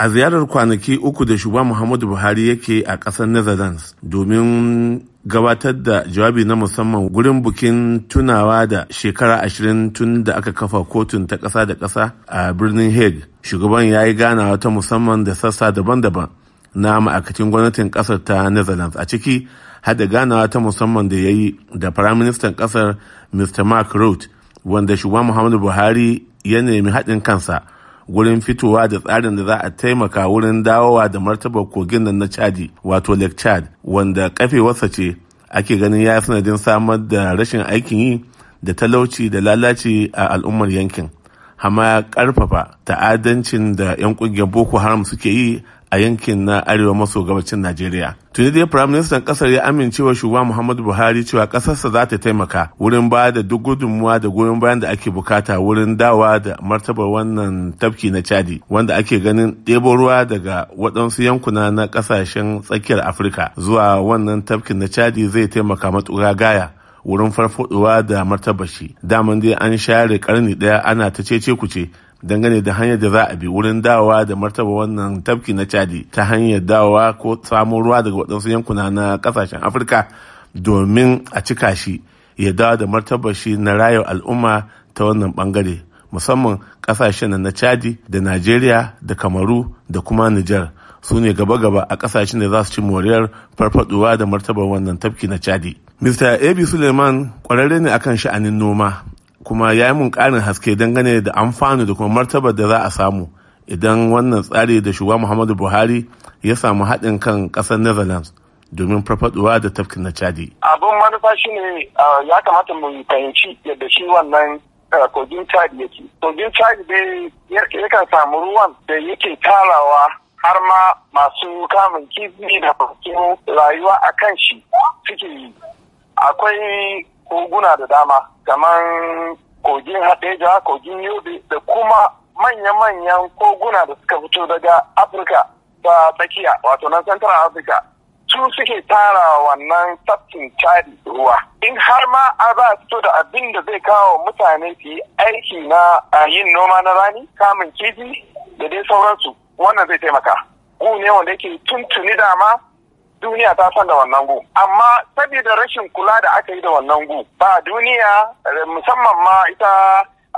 a ziyarar kwanaki uku da shugaban muhammadu buhari yake a ƙasar netherlands domin gabatar da jawabi na musamman gurin bukin tunawa da shekara ashirin tun da aka kafa kotun ta ƙasa da kasa a birnin hague shugaban ya yi ganawa ta musamman da sassa daban-daban na ma'aikacin gwamnatin ƙasar ta netherlands a ciki har ganawa ta musamman da ya yi da firaministan ƙasar mr mark rutte wanda shugaban muhammadu buhari ya nemi haɗin kansa wurin fitowa da tsarin da za a taimaka wurin dawowa da martabar kogin nan na chadi wato lake chad wanda kafewarsa ce ake ganin ya sanadin samar da rashin aikin yi da talauci da lalaci a al'ummar yankin hama ya karfafa ta'adancin da 'yan kungiyar boko haram suke yi a yankin na arewa maso gabacin Najeriya. Tuni dai Firaministan ƙasar ya amincewa shugaba Muhammadu Buhari cewa ƙasarsa za ta taimaka wurin ba da duk gudunmuwa da goyon bayan da ake bukata wurin dawa da martabar wannan tafki na Chadi wanda ake ganin ɗebo ruwa daga waɗansu yankuna na ƙasashen tsakiyar Afirka zuwa wannan tafkin na Chadi zai taimaka matuƙa gaya wurin farfaduwa da martaba shi daman dai an share karni daya ana ta cece kuce dangane da hanyar da za a bi wurin dawowa da martaba wannan tafki na chadi ta hanyar dawowa ko samun ruwa daga waɗansu yankuna na ƙasashen afirka domin a cika shi ya dawo da martaba shi na rayar al'umma ta wannan bangare musamman ƙasashen na chadi da najeriya da kamaru da kuma nijar su ne gaba-gaba a ƙasashen da za su ci moriyar farfaduwa da martaba wannan tafki na chadi Mr. Abi Suleiman kwararre ne akan sha'anin noma kuma ya yi mun ƙarin haske dangane da amfani da kuma martabar da za a samu idan wannan tsari da shugaba Muhammadu Buhari ya samu haɗin kan ƙasar Netherlands domin farfaɗuwa da tafkin na Chadi. Abin manufa shi ne ya kamata mu fahimci yadda shi wannan kogin Chadi yake. Kogin Chadi dai yakan samu ruwan da yake tarawa har ma masu kamun kifi da rayuwa a kan shi suke yi. akwai koguna da dama kamar kogin hadeja kogin yobe da kuma manya-manyan koguna da suka fito daga afirka ta tsakiya wato na central africa su suke tara wannan tafkin cari ruwa in har ma a za a fito da abin da zai kawo mutane su aiki na yin noma na rani kamun kifi da dai sauransu wannan zai taimaka ne wanda yake tuntuni dama duniya ta san da wannan gu amma saboda rashin kula da aka yi da wannan gu ba duniya eh, musamman ma ita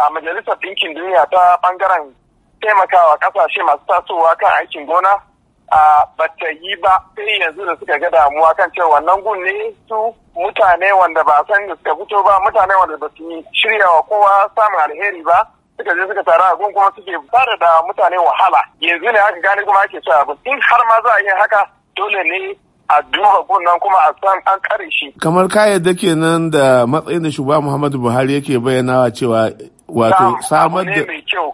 a majalisar ɗinkin duniya ta bangaren taimakawa kasashe masu tasowa kan aikin gona ba ta yi ba sai yanzu da suka ga damuwa kan cewa wannan gun ne su mutane wanda ba san da suka fito ba mutane wanda ba su shirya wa kowa samun alheri ba suka je suka tara a gun kuma suke fara da mutane wahala yanzu ne aka gane kuma ake cewa in har ma za a yi haka dole ne a duba gunan kuma a san an kare shi kamar ka yadda kenan da matsayin da shugaba muhammadu buhari yake bayyanawa cewa wato samar da mai kyau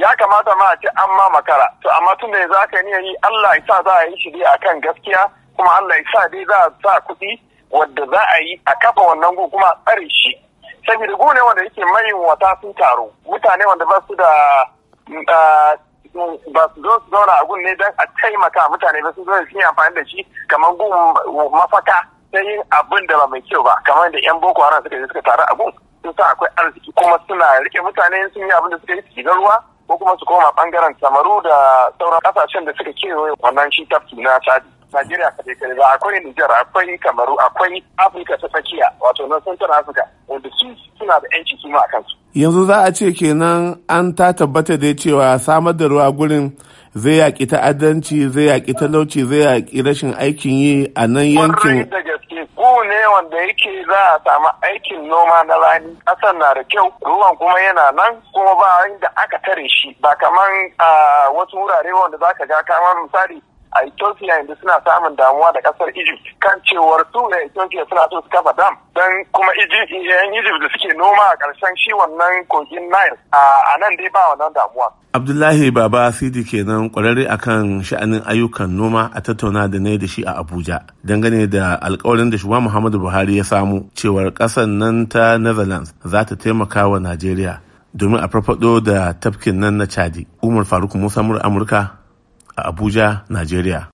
ya kamata ma a ce an ma makara to amma tun da za ka yi Allah ya sa za a yi shi dai kan gaskiya kuma Allah ya sa dai za a sa kuɗi wadda za a yi a kafa wannan gu kuma a tsare shi saboda gu ne wanda yake mayin wata sun taro mutane wanda ba su da mm, ah, ba su zo su zauna a gun ne don a taimaka mutane ba su zo su yi amfani da shi kamar gun mafaka ta yin abin da ba mai kyau ba kamar da yan boko haram suka je suka taru a gun sun sa akwai arziki kuma suna rike mutane sun yi abin da suka yi su ruwa ko kuma su koma bangaren samaru da sauran kasashen da suka kewaye wannan shi tafki na chadi Najeriya kaɗai kaɗai ba akwai Nijar akwai Kamaru akwai Afirka ta tsakiya wato na Central Africa wanda su suna da yanci su ma kansu. Yanzu za a ce kenan an ta tabbata da cewa samar da ruwa gurin zai yaƙi ta'addanci zai yaƙi talauci zai yaƙi rashin aikin yi a nan yankin. da gaske ku ne wanda yake za a samu aikin noma na rani ƙasar na da kyau ruwan kuma yana nan kuma ba inda aka tare shi ba kaman a ah, wasu wurare wanda za ka ga kamar misali a Ethiopia yanzu suna samun damuwa da kasar Egypt kan cewar su da Ethiopia suna so su kafa dam dan kuma Egypt yan Egypt da suke noma a ƙarshen shi wannan kogin Nile a nan dai ba wannan damuwa. Abdullahi Baba Sidi kenan kwararre akan sha'anin ayyukan noma a tattauna da ne da shi a Abuja dangane da alkawarin da shugaban Muhammadu Buhari ya samu cewar kasar nan ta Netherlands za ta taimaka wa Najeriya domin a farfado da tafkin nan na Chadi. Umar Faruk Musa Amurka a Abuja, Najeriya.